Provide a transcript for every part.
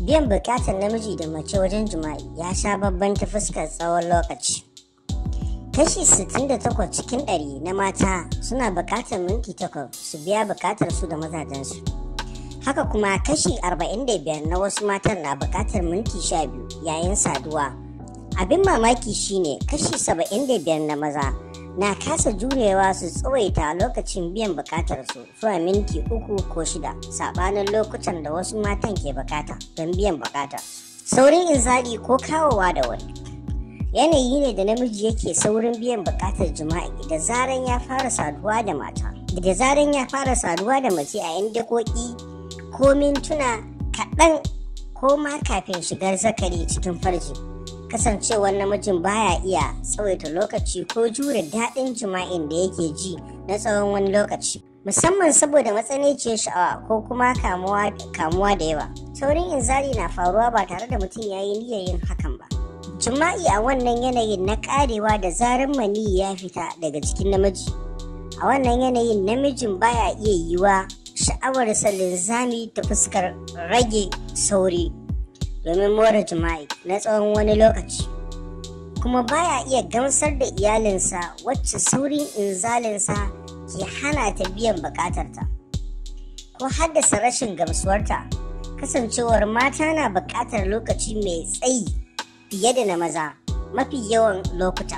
biyan bukatar namiji da mace wajen jima'i ya sha babban ta fuskar tsawon lokaci kashi 68 cikin 100 na mata suna bukatar minti 8 su biya bukatar su da mazajensu haka kuma kashi 45 na wasu matan na bukatar minti 12 yayin saduwa abin mamaki shine kashi 75 na maza na kasa jurewa su tsawaita lokacin biyan bukatar su zuwa minti uku ko shida sabanin lokutan da wasu matan ke bukata don biyan bukata saurin zaɗi ko kawowa da wani yanayi ne da namiji yake saurin biyan bukatar jima'i da zaran ya fara saduwa da mata da zaran ya fara saduwa da mace a yan dakoki ko mintuna kaɗan ko ma kafin shigar zakari cikin farji kasancewar namijin baya iya tsawaita lokaci ko jure daɗin jima'in da yake ji na tsawon wani lokaci musamman saboda matsananciyar sha'awa ko kuma kamuwa da yawa saurin inzali na faruwa ba tare da mutum ya yi niyyar yin hakan ba jima'i a wannan yanayin na karewa da zarar maniyi ya fita daga cikin namiji a wannan yanayin namijin baya iya yiwa sha'awar linzami ta fuskar rage sauri domin more jima'i na tsawon wani lokaci kuma baya iya gamsar da iyalinsa wacce saurin inzalinsa ke hana ta biyan bukatarta ko haddasa rashin gamsuwarta kasancewar mata na bukatar lokaci mai tsayi fiye da na maza mafi yawan lokuta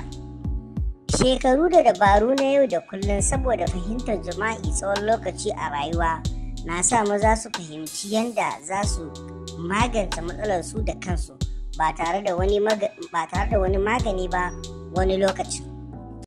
shekaru da dabaru na yau da kullum saboda fahimtar jima'i tsawon lokaci a rayuwa na sa maza su fahimci yadda za su magance matsalar su da kansu ba tare da wani magani ba wani lokacin